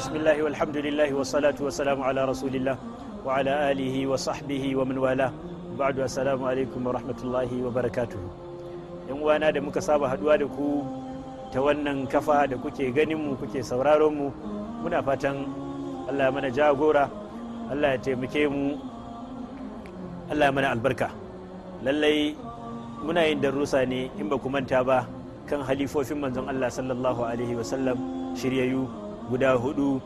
bismillahi walhamdulillahi wassalatu wassalamu ala rasulillah wa ala alihi wa sahbihi wa man wala ba'du assalamu alaikum wa rahmatullahi wa barakatuh yan uwana da muka saba haduwa da ku ta wannan kafa da kuke ganin mu kuke sauraron mu muna fatan Allah mana jagora Allah ya taimake mu Allah mana albarka lallai muna yin darussa ne in ba ku manta ba kan halifofin manzon Allah sallallahu alaihi wa sallam shiryayyu guda hudu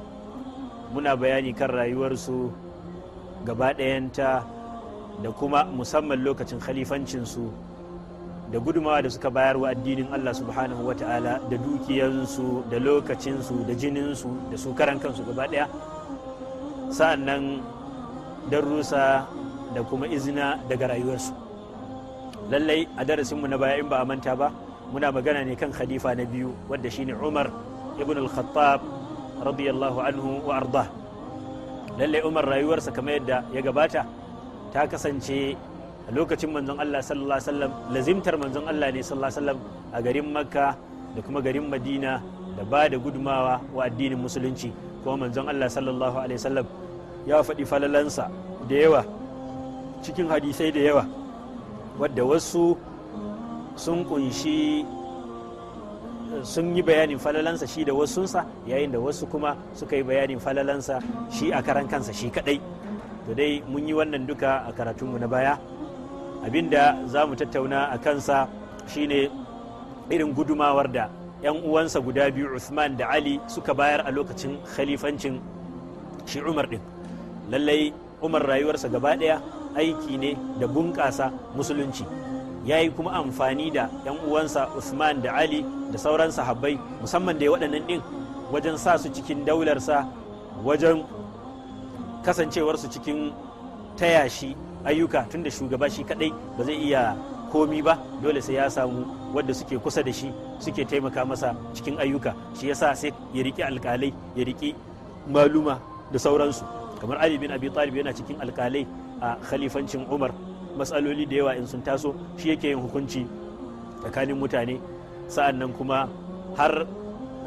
muna bayani kan rayuwarsu gaba ɗayanta da kuma musamman lokacin khalifancinsu da gudumawa da suka bayar wa addinin Allah subhanahu ta'ala da dukiyansu da lokacinsu da jininsu da su karan kansu gaba ɗaya sa'an nan darussa da kuma izina daga rayuwarsu lallai a darasinmu na baya in ba a manta ba muna magana ne kan khalifa na biyu wadda shine umar ibn al-khattab radiyallahu anhu wa arda lalle umar rayuwarsa kamar yadda ya gabata ta kasance a lokacin manzon Allah sallallahu alaihi wasallam lazimtar manzon Allah ne sallallahu alaihi wasallam a garin Makka da kuma garin Madina da ba da gudumawa wa addinin musulunci kuma manzon Allah sallallahu alaihi wasallam ya faɗi falalansa da yawa cikin hadisai da yawa wadda wasu sun kunshi sun yi bayanin falalansa shi da wasunsa yayin da wasu kuma suka yi bayanin falalansa shi a karan kansa shi kadai to dai mun yi wannan duka a karatunmu na baya abinda za mu tattauna a kansa shine irin gudumawar da 'yan uwansa guda biyu Uthman da Ali suka bayar a lokacin khalifancin shi Umar din lallai Umar rayuwarsa gaba ɗaya aiki ne da bunƙasa musulunci ya yi kuma amfani da 'yan uwansa Usman da Ali da sauran sahabbai musamman da ya waɗannan ɗin wajen sa su cikin daularsa wajen kasancewarsu cikin taya shi ayyuka da shugaba shi kaɗai ba zai iya komi ba dole sai ya samu wadda suke kusa da shi suke taimaka masa cikin ayyuka shi yasa sai ya riƙi alƙalai ya riƙi maluma da sauransu kamar ali bin abi talib yana cikin alƙalai a khalifancin umar matsaloli da yawa in sun taso shi yake yin hukunci tsakanin mutane sa'an nan kuma har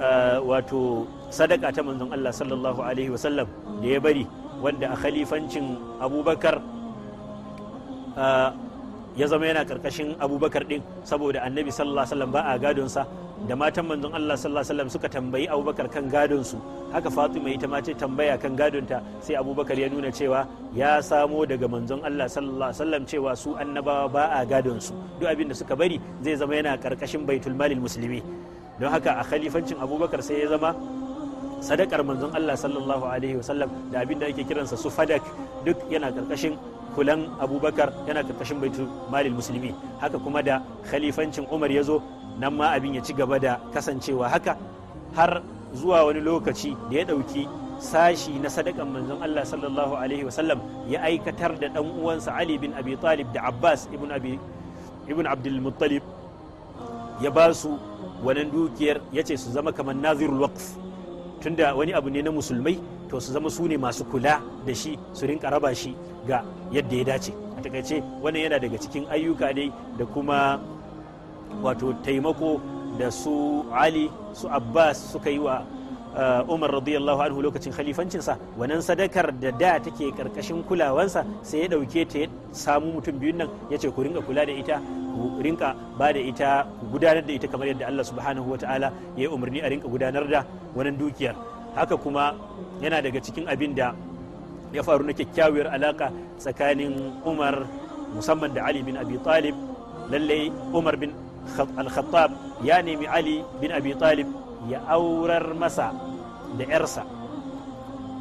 eh, wato sadaka ta manzon Allah sallallahu alaihi wasallam da ya bari wanda a khalifancin abubakar eh, ya zama yana karkashin abubakar din saboda annabi sallallahu alaihi wasallam ba a gadonsa da matan manzon Allah sallallahu alaihi suka tambayi Abubakar kan gadon su haka Fatima ita ma ce tambaya kan gadonta sai Abubakar ya nuna cewa ya samo daga manzon Allah sallallahu alaihi cewa su annabawa ba a gadon su duk abin da suka bari zai zama yana karkashin baitul malil muslimi don haka a khalifancin Abubakar sai ya zama sadakar manzon Allah sallallahu alaihi wasallam da abin da ake kiransa su fadak duk yana karkashin kulan abubakar yana karkashin baitu malil musulmi haka kuma da khalifancin umar ya zo nan ma abin ya ci gaba da kasancewa haka har zuwa wani lokaci da ya ɗauki sashi na sadakan manzon Allah sallallahu alaihi wasallam ya aikatar da ɗan uwansa Ali bin Abi Talib da Abbas ibn Abi ibn Abdul Muttalib ya ba su wannan dukiyar ya ce su zama kamar nazirul waqf tunda wani abu ne na musulmai to su zama su ne masu kula da shi su rinka raba shi ga yadda ya dace a takaice wannan yana daga cikin ayyuka ne da kuma wato taimako da su ali su abbas suka yi wa uh, umar radiyallahu anhu lokacin khalifancinsa wannan sadakar da da take karkashin kulawansa sai ya dauke ta samu mutum biyun nan ya ce ku rinka kula da ita ku rinka ba da ita ku gudanar da ita kamar yadda Allah subhanahu wa ta'ala ya yi umarni a rinka gudanar da wannan dukiyar haka kuma yana daga cikin abin da ya faru na kyakkyawar alaka tsakanin umar musamman da ali bin abi talib lallai umar bin al-khattab ya nemi ali bin abi talib ya aurar masa da yarsa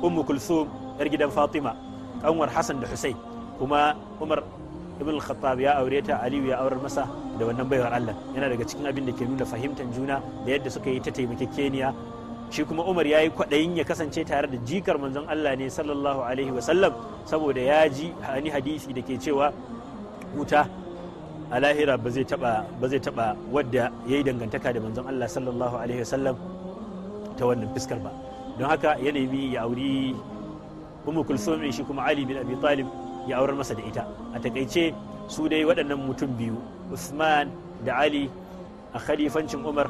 ummu kulthum yar gidan fatima kanwar hassan da husain kuma umar ibn al-khattab ya aure ta aliyu ya aurar masa da wannan baiwar allah yana daga cikin abin da ke nuna fahimtar juna da yadda suka yi ta taimakekeniya shi kuma umar ya yi kwaɗayin ya kasance tare da jikar manzon allah ne sallallahu alaihi wasallam saboda ya ji hani hadisi da ke cewa wuta a lahira ba zai taba wadda ya yi yayi dangantaka da manzon Allah sallallahu alaihi wasallam ta wannan fiskar ba don haka ya nemi ya auri ummu kulsum shi kuma ali bin abi talib ya aurar masa da ita a takaice su dai waɗannan mutum biyu usman da ali a khalifancin umar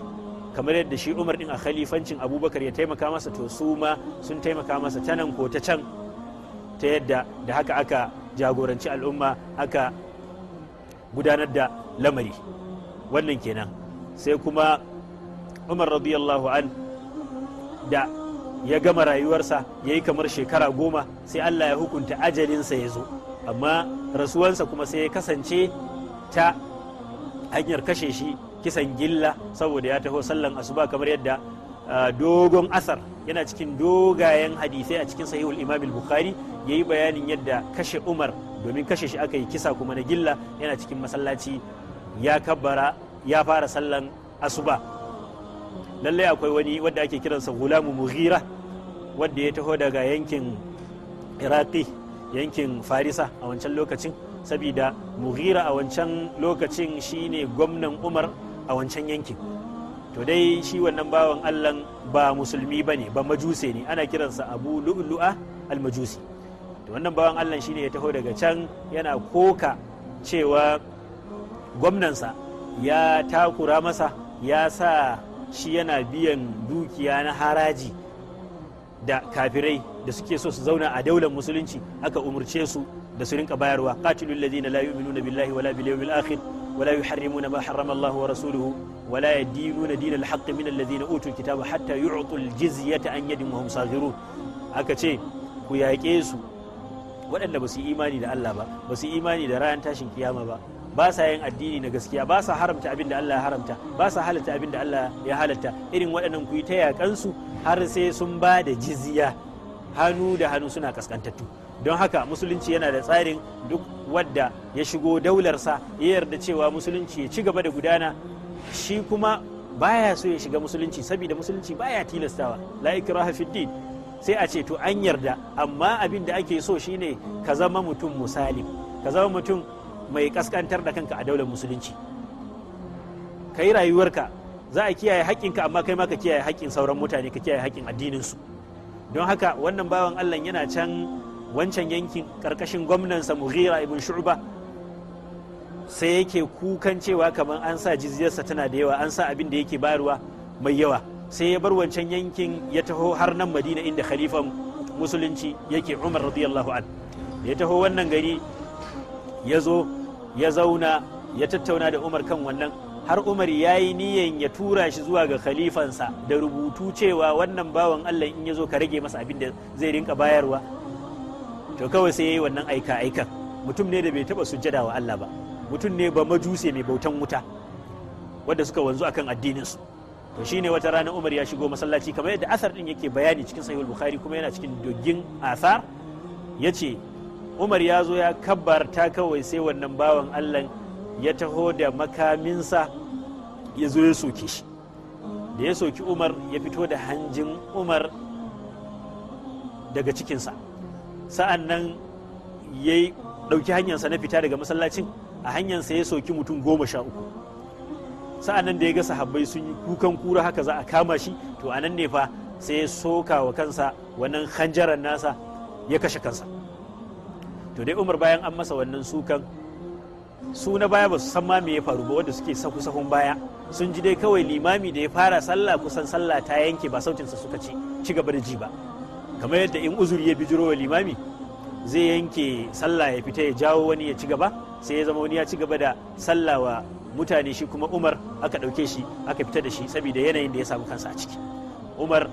kamar yadda shi umar din a khalifancin abubakar ya taimaka masa to su ma sun taimaka masa ta nan ko ta can ta yadda da haka aka jagoranci al'umma aka gudanar da lamari wannan kenan sai kuma umar radiyallahu an da ya gama rayuwarsa ya yi kamar shekara goma sai allah ya hukunta ajalinsa ya zo amma rasuwansa kuma sai ya kasance ta hanyar kashe shi kisan gilla saboda ya taho sallan asuba kamar yadda dogon asar yana cikin dogayen hadisai a cikin sahihul imam bukhari ya yi bayanin yadda kashe umar domin kashe shi aka yi kisa kuma na gilla yana cikin masallaci ya kabbara ya fara sallan asuba lallai akwai wani wadda ake kiransa gulamu mughira wadda ya taho daga yankin iraki yankin farisa a wancan lokacin sabida mughira a wancan lokacin shine gwamnan umar a wancan yankin to dai shi wannan bawan allan ba musulmi ba ne ba majuse ne ana kiransa abu lu'lu'a al-majusi to wannan bawan allah shine ya taho daga can yana koka cewa gwamnansa ya takura masa ya sa shi yana biyan dukiya na haraji da kafirai da suke so su zauna a daular musulunci aka umarce su da su rinka bayarwa qatilul ladina la yu'minuna billahi wala bil yawmil akhir wala yuharrimuna ma harrama Allah wa rasuluhu wala yadinuna dinal haqqi min alladhina utul kitaba hatta yu'tul jizyata an yadin wa hum aka ce ku yaƙe su waɗanda ba su yi imani da Allah ba ba su yi imani da ranar tashin kiyama ba ba sa yin addini na gaskiya ba sa haramta abin da Allah ya haramta ba sa halatta abin da Allah ya halatta irin waɗannan ku yi ta yaƙansu har sai sun ba da jizya hannu da hannu suna kaskantattu don haka musulunci yana da tsarin duk wadda ya shigo daularsa ya yarda cewa musulunci ya ci gaba da gudana shi kuma baya so ya shiga musulunci saboda musulunci baya tilastawa la ikraha fid din sai a ce to an yarda amma abin da ake so shine ka zama mutum musalim ka zama mutum mai kaskantar da kanka a daular musulunci ka yi rayuwarka za a kiyaye haƙƙinka amma kai ma ka kiyaye haƙƙin sauran mutane ka kiyaye haƙƙin su don haka wannan bawan allah yana can wancan yankin ƙarƙashin gwamnansa mughira ibn shu'ba sai yake kukan cewa kamar an sa jizyarsa tana da yawa an sa abin da yake bayarwa mai yawa sai ya bar wancan yankin ya taho har nan madina inda khalifan musulunci yake umar radiyallahu an ya taho wannan gari ya zo ya zauna ya tattauna da umar kan wannan har umar ya yi niyan ya tura shi zuwa ga khalifansa da rubutu cewa wannan bawan allah in ya zo ka rage masa abin da zai rinka bayarwa to kawai sai ya yi wannan aika aika mutum ne da bai taba sujjada wa allah ba mutum ne ba majuse mai bautan wuta wadda suka wanzu akan addinin su to shine wata rana Umar ya shigo masallaci kamar yadda asar din yake bayani cikin sahihul bukhari kuma yana cikin dogin asar yace Umar ya zo ya kabbarta kawai sai wannan bawan Allah ya taho da makaminsa ya zo ya soke shi da ya soki Umar ya fito da hanjin Umar daga cikinsa sa'an nan ya ɗauki hanyarsa na fita daga masallacin a hanyarsa ya soki mutum goma sha uku sa'annan da ya ga sahabbai sun yi kukan kura haka za a kama shi to anan ne fa sai ya soka wa kansa wannan hanjaran nasa ya kashe kansa to dai umar bayan an masa wannan sukan su na baya ba su san ma me ya faru ba wanda suke sahu sahun baya sun ji dai kawai limami da ya fara sallah kusan sallah ta yanke ba sa suka ci ci gaba da ji ba kamar yadda in uzuri ya bijiro wa limami zai yanke sallah ya fita ya jawo wani ya ci gaba sai ya zama wani ya ci gaba da sallah wa mutane shi kuma umar aka ɗauke shi aka fita da shi saboda yanayin da ya samu kansa a ciki umar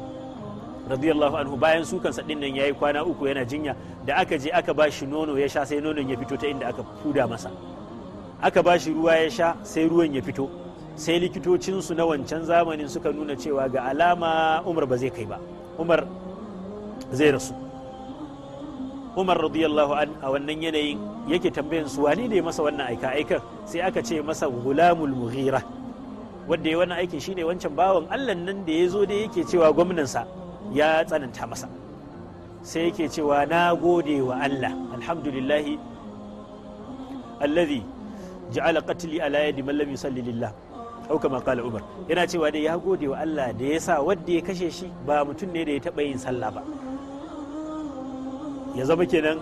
radiyallahu anhu bayan su kansa nan yayi kwana uku yana jinya da aka je aka bashi nono ya sha sai nonon ya fito ta inda aka kuda masa aka bashi ruwa ya sha sai ruwan ya fito sai likitocinsu na wancan zamanin suka nuna cewa ga alama umar ba zai kai ba umar zai rasu umar radiyallahu an a wannan yanayin yake tambayan su wani ne masa wannan aika aikan sai aka ce masa gulamul mughira wanda ya wannan aikin shine wancan bawan allah nan da ya zo da yake cewa gwamnansa ya tsananta masa sai yake cewa na gode wa allah alhamdulillahi alladhi ja'ala qatli ala yadi man lam yusalli lillah au kama kala umar yana cewa dai ya gode wa Allah da ya sa wanda ya kashe shi ba mutum ne da ya taba yin sallah ba ya zama kenan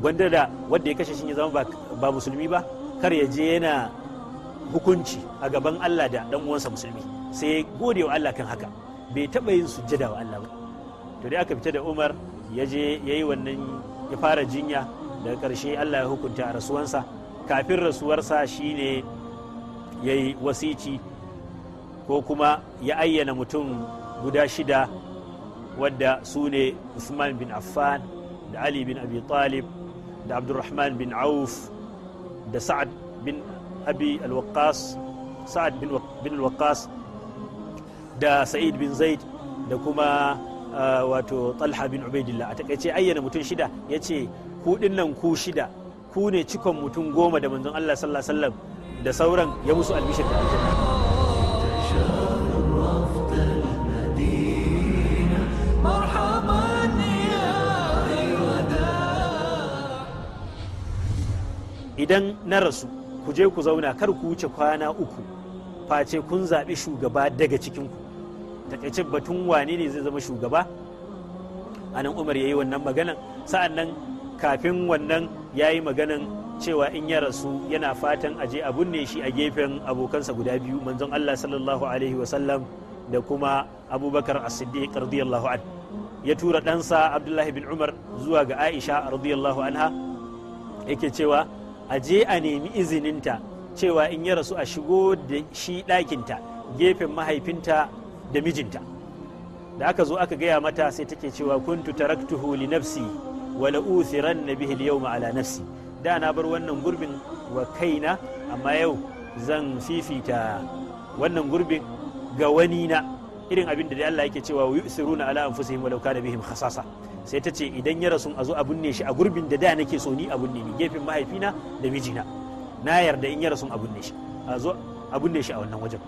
gwanda da wanda ya kashe shi ya zama ba musulmi ba kar ya je yana hukunci a gaban Allah da dan uwansa musulmi sai ya gode wa Allah kan haka bai taba yin sujjada wa Allah ba to dai aka fita da Umar ya je yayi wannan ya fara jinya daga karshe Allah ya hukunta a rasuwansa kafin rasuwarsa shine yayi yi wasici ko kuma ya ayyana mutum guda shida wadda su ne Usman bin Affan da ali bin abi talib da abdurrahman bin auf da sa'ad bin abi al sa'ad bin da sa'id bin zaid da kuma ah, wato talha bin ubaidillah a takaice ayyana mutum shida ya ce ku nan ku shida ku ne cikon mutum goma da manzon allah sallallahu alaihi wasallam da sauran ya musu albishir da aljanna idan na rasu ku je ku zauna kar ku wuce kwana uku face kun zaɓi shugaba daga cikinku takaice batun wane ne zai zama shugaba a nan umar ya yi wannan maganan sa'an nan kafin wannan ya yi maganan cewa in ya rasu yana fatan a je a binne shi a gefen abokansa guda biyu manzon allah sallallahu alaihi wasallam da kuma abubakar as-siddiq radiyallahu an ya tura ɗansa abdullahi bin umar zuwa ga aisha radiyallahu anha yake cewa a je a nemi izininta cewa in ya rasu a shigo da shi ɗakinta gefen mahaifinta da mijinta da aka zo aka gaya mata sai take cewa kuntu taraktuhu li nafsi wala uthiran na yawma ala nafsi da na bar wannan gurbin wa kaina amma yau zan fifita wannan gurbin ga wani na irin abin da Allah yake cewa yusiruna ala anfusihim walau kana bihim khasasa sai ta ce idan ya rasu a zo a binne shi a gurbin da da nake so ni a binne ni gefen mahaifina da mijina na yarda in ya rasu a binne shi a zo a binne shi a wannan wajen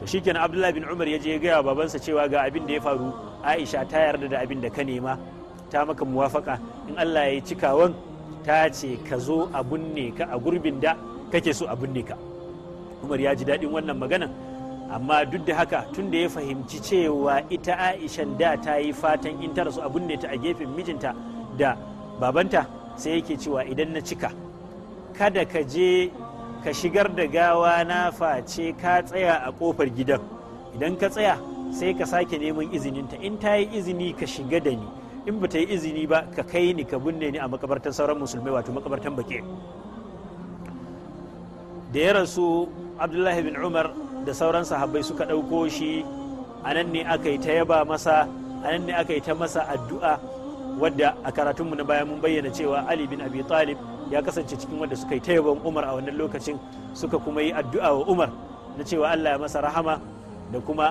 to shikenan abdullahi bin umar ya je ya gaya babansa cewa ga abin da ya faru aisha ta yarda da abin da ka nema ta maka muwafaka in allah ya yi cikawan ta ce ka zo a binne ka a gurbin da kake so a binne ka umar ya ji daɗin wannan maganan amma duk da haka tun da ya fahimci cewa ita aishan da ta yi fatan in ta rasu abun ta a gefen mijinta da babanta sai yake cewa idan na cika kada ka je ka shigar da gawa na face ka tsaya a kofar gidan idan ka tsaya sai ka sake neman izininta in ta yi izini ka shiga da ni in ba ta yi izini ba ka kai ni ka binne ni a makabartar sauran musulmai wato makabartar baƙi. da ya rasu abdullahi bin umar da sauran sahabbai suka ɗauko shi a nan ne aka yi ta yaba masa a nan ne aka yi ta masa addu'a wadda a karatunmu na baya mun bayyana cewa ali bin abi talib ya kasance cikin wadda suka yi ta yaban umar a wannan lokacin suka kuma yi addu'a wa umar na cewa allah ya masa rahama da kuma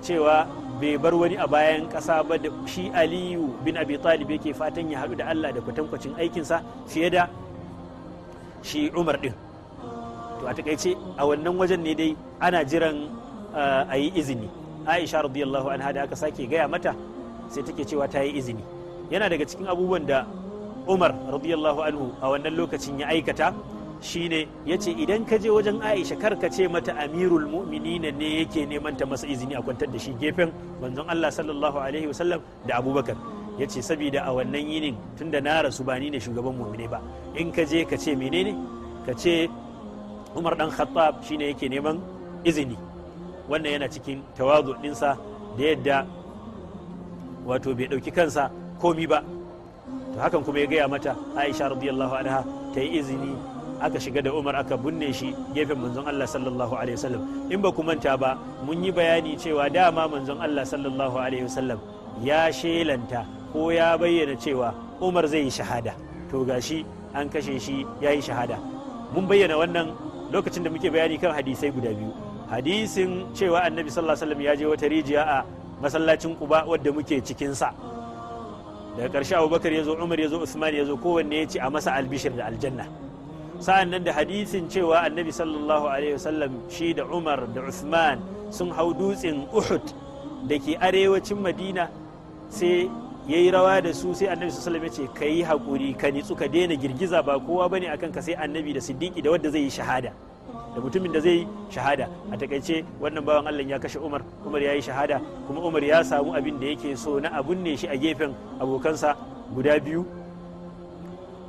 cewa bai bar wani a bayan kasa ba da shi aliyu bin abi talib yake fatan ya haɗu da allah da kwatankwacin aikinsa fiye da shi umar ɗin to a takaice a wannan wajen ne dai ana jiran eh, a yi izini aisha radiyallahu anha da aka sake gaya mata sai take cewa ta yi izini yana daga cikin abubuwan da umar radiyallahu anhu a wannan lokacin ya aikata shine ya ce idan ka je wajen aisha kar ka ce mata amirul mu'minina ne yake neman ta masa izini a kwantar da shi gefen manzon allah sallallahu alaihi wasallam da abubakar ya ce saboda a wannan yinin tunda na rasu ba ni ne shugaban mu'mine ba in ka je ka ce menene ka ce umar dan khattab shine yake neman izini wannan yana cikin tawazu ɗinsa da yadda wato bai dauki kansa komi ba to hakan kuma ya gaya mata aisha radiyallahu anha ta yi izini aka shiga da umar aka binne shi gefen manzon allah sallallahu alaihi wasallam in ba ku manta ba mun yi bayani cewa dama manzon allah sallallahu alaihi wasallam ya shelanta ko ya bayyana cewa umar zai yi shahada to gashi an kashe shi ya yi shahada mun bayyana wannan lokacin da muke bayani kan hadisai guda biyu hadisin cewa annabi sallallahu alaihi wasallam ya je wata rijiya a masallacin quba wadda muke cikin sa daga karshe abubakar ya zo umar ya usman ya kowanne ya ce a masa albishir da aljanna sa'an nan da hadisin cewa annabi sallallahu alaihi wasallam shi da umar da usman sun hau dutsen uhud da ke arewacin madina sai ya yi rawa da su sai annabi sallallahu alaihi ce ka yi hakuri ka nitsu ka daina girgiza ba kowa bane akan ka sai annabi da siddiqi da wanda zai yi shahada da mutumin da zai yi shahada a takaice wannan bawan Allah ya kashe Umar Umar ya yi shahada kuma Umar ya samu abin da yake so na abun ne shi a gefen abokansa guda biyu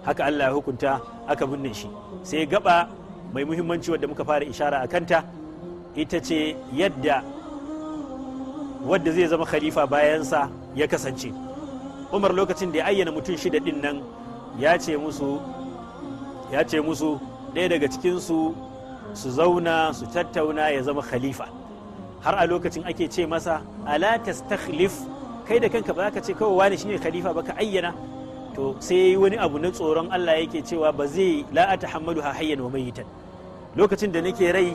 haka Allah ya hukunta aka binne shi sai gaba mai muhimmanci wadda muka fara ishara a kanta ita ce yadda wadda zai zama khalifa bayansa ya kasance umar lokacin da ya ayyana mutum shida din nan ya ce musu ya ɗaya daga cikinsu su zauna su tattauna ya zama khalifa har a lokacin ake ce masa ala tastakhlif kai da kanka ba ka ce kawai wani shine khalifa ba ka ayyana to sai yi wani abu na tsoron Allah yake cewa ba zai la hamadu ha hayyan wa mayitan lokacin da nake rai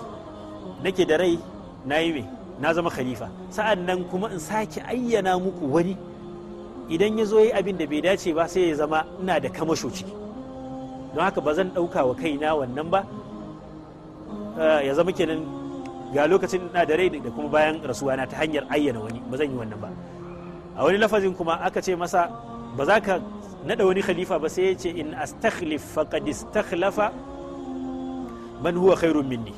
nake da rai na yi me na zama khalifa sa'an nan kuma in sake ayyana muku wani idan ya zo yi abin da bai dace ba sai ya zama ina da kamasho ciki don haka ba zan ɗauka wa kaina wannan ba eh, ya zama kenan ga lokacin ina da rai da kuma bayan rasuwa na ta hanyar ayyana wani ba zan yi wannan ba a wani lafazin kuma aka ce masa ba za ka naɗa wani khalifa ba sai ya ce in astakhlif faqad istakhlafa man huwa khairun minni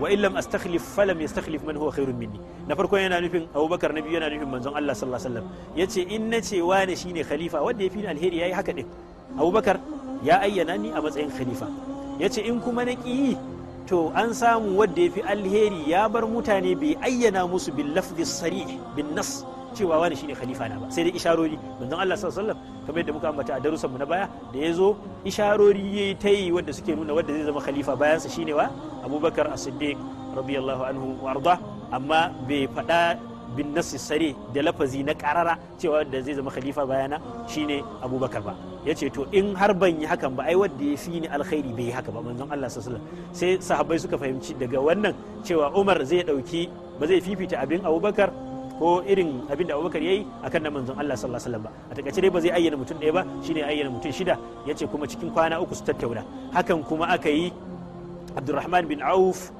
wa illam astakhlif falam yastakhlif man huwa khairun minni na farko yana nufin Abubakar na biyu yana nufin manzon Allah sallallahu alaihi wasallam yace in nace wane shine khalifa wanda yafi ni alheri yayi haka din Abubakar ya ayyana ni a matsayin khalifa yace in kuma na ki to an samu wanda yafi alheri ya bar mutane bai ayyana musu bil lafzi sarih bin nas cewa wani shine khalifa na ba sai dai isharori manzon Allah sallallahu alaihi wasallam kamar yadda muka ambata a darussan mu na baya da ya zo isharori yayi tayi wanda suke nuna wanda zai zama khalifa bayansa shine wa Abubakar As-Siddiq radiyallahu anhu wa arda amma bai fada bin nasi sare da lafazi na karara cewa wanda zai zama khalifa bayana shine abubakar ba ya ce to in har ban yi hakan ba ai wanda ya fi ni alkhairi bai yi haka ba manzon Allah sallallahu sai sahabbai suka fahimci daga wannan cewa Umar zai dauki ba zai fifita abin abubakar ko irin abin da abubakar ya yi a kan na manzon Allah sallallahu alaihi wasallam ba a takaice dai ba zai ayyana mutum ɗaya ba shine ayyana mutum shida ya ce kuma cikin kwana uku su tattauna hakan kuma aka yi abdurrahman bin auf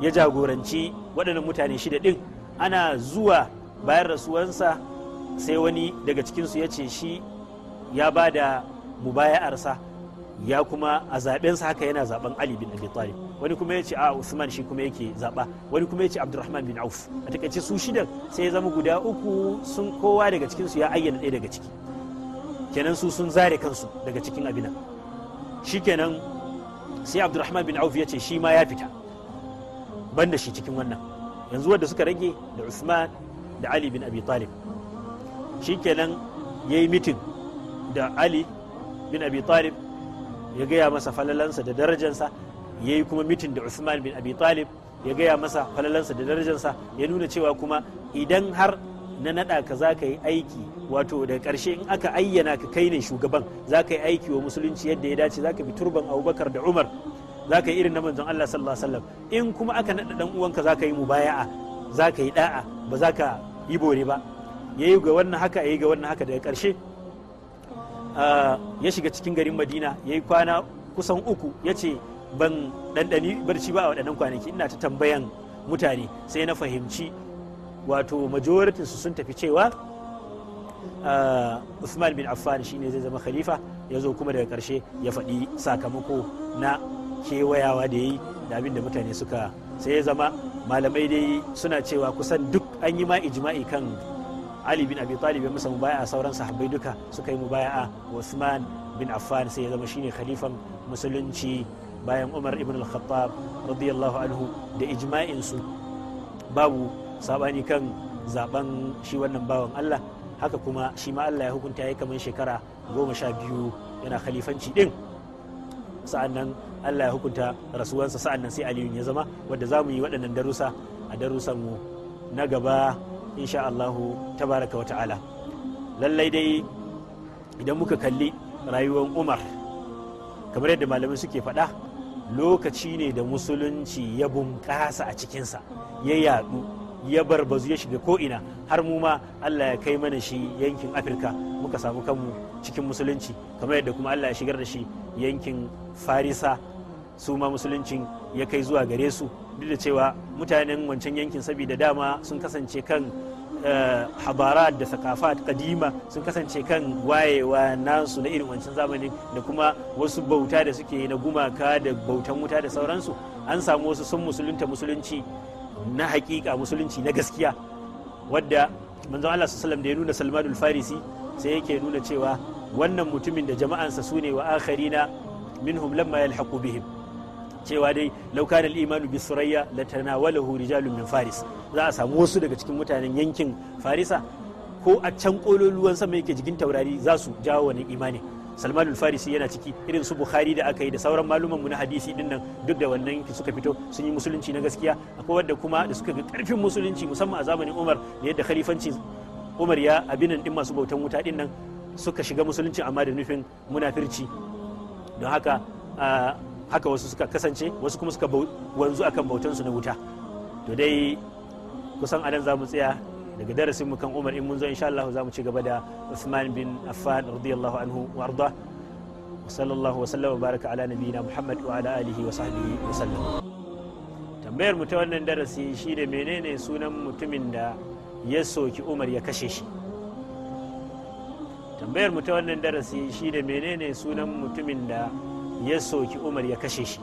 ya jagoranci waɗannan mutane shida ɗin ana zuwa bayan rasuwarsa sai wani daga cikinsu ya ce shi ya ba da mubaya'arsa ya kuma a zaben sa haka yana zaben Ali bin Abi Talib wani kuma yace a Usman shi kuma yake zaba wani kuma yace Abdurrahman bin Auf a takaice su shidan sai ya zama guda uku sun kowa daga cikin su ya ayyana ɗaya daga ciki kenan su sun zare kansu daga cikin shi shikenan sai Abdurrahman bin Auf yace shi ma ya fita banda shi cikin wannan yanzu wanda suka rage da Usman da Ali bin Abi Talib shikenan yayi mitin da Ali bin Abi Talib ya gaya masa falalansa da darajansa ya yi kuma mitin da usman bin abi talib ya gaya masa falalansa da darajansa ya nuna cewa kuma idan har na naɗa ka za ka yi aiki wato da karshe in aka ayyana ka kai ne shugaban za ka yi aiki wa musulunci yadda ya dace za ka bi turban abubakar da umar za ka yi irin na manzon allah sallallahu alaihi wasallam in kuma aka naɗa ɗan uwanka za ka yi mubaya'a za ka yi da'a ba za ka yi bore ba ya yi ga wannan haka ya ga wannan haka daga karshe. Ah, ya shiga cikin garin madina ya yi kwana kusan uku ya ce ban ɗanɗani barci ba a waɗannan kwanaki ina ta tambayan mutane sai na fahimci wato majoritin su sun tafi cewa ah, usman bin Affan shine zai zama khalifa ya zo kuma daga karshe ya faɗi sakamako na kewayawa da yi da abin da mutane suka sai ya zama malamai dai suna cewa kusan duk an yi ma ijima'i kan ali bin abi talib ya musa mubaya'a sauran sahabbai duka suka yi mubaya'a usman bin affan sai ya zama shine khalifan musulunci bayan umar ibn al-khattab radiyallahu anhu da ijma'in su babu sabani kan zaben shi wannan bawan allah haka kuma shi ma allah ya hukunta ya kamar shekara goma sha biyu yana khalifanci din sa'annan allah ya hukunta rasuwansa sa'annan sai aliyun ya zama wanda za mu yi waɗannan darussa a darussan mu na gaba insha ta baraka wa ta'ala lallai dai idan muka kalli rayuwar Umar kamar yadda malamai suke faɗa lokaci ne da musulunci ya bunƙasa a cikinsa ya yaɗu ya barbazu ya shiga ko'ina har mu ma Allah ya kai mana shi yankin Afirka muka samu kanmu cikin musulunci kamar yadda kuma Allah ya shigar da shi yankin Farisa su ma musuluncin ya kai zuwa gare su duk da cewa mutanen wancan yankin saboda dama sun kasance kan eh, habara da sakafa kadima sun kasance kan wayewa nasu na irin wancan zamani da kuma wasu bauta da suke na gumaka da bautan wuta da sauransu an samu wasu sun musulunta musulunci na hakika musulunci na gaskiya wadda manzon Allah sallam da ya nuna salmanul farisi sai yake nuna cewa wannan mutumin da jama'ansa su ne wa akharina minhum lamma yalhaqu bihim cewa dai laukan al'imanu bi surayya la tanawalahu rijalun min faris za a samu wasu daga cikin mutanen yankin farisa ko a can kololuwan sama yake jikin taurari za su jawo wani imani salmanul farisi yana ciki irin su bukhari da aka yi da sauran malumanmu na hadisi din nan duk da wannan yankin suka fito sun yi musulunci na gaskiya akwai wadda kuma da suka ga karfin musulunci musamman a zamanin umar da yadda khalifanci umar ya abinan din masu bautan wuta din nan suka shiga musulunci amma da nufin munafirci don haka ah, haka wasu suka kasance wasu kuma suka wanzu akan bautansu na wuta to dai kusan anan za mu tsaya daga darasin mu kan Umar in mun zo insha Allah za mu ci gaba da Uthman bin Affan radiyallahu anhu wa arda sallallahu wa sallama baraka ala nabiyina Muhammad wa ala alihi wa sahbihi wa sallam tambayar mu ta wannan darasi shine menene sunan mutumin da ya soki Umar ya kashe shi tambayar mu ta wannan darasi shine menene sunan mutumin da ya soki umar ya kashe shi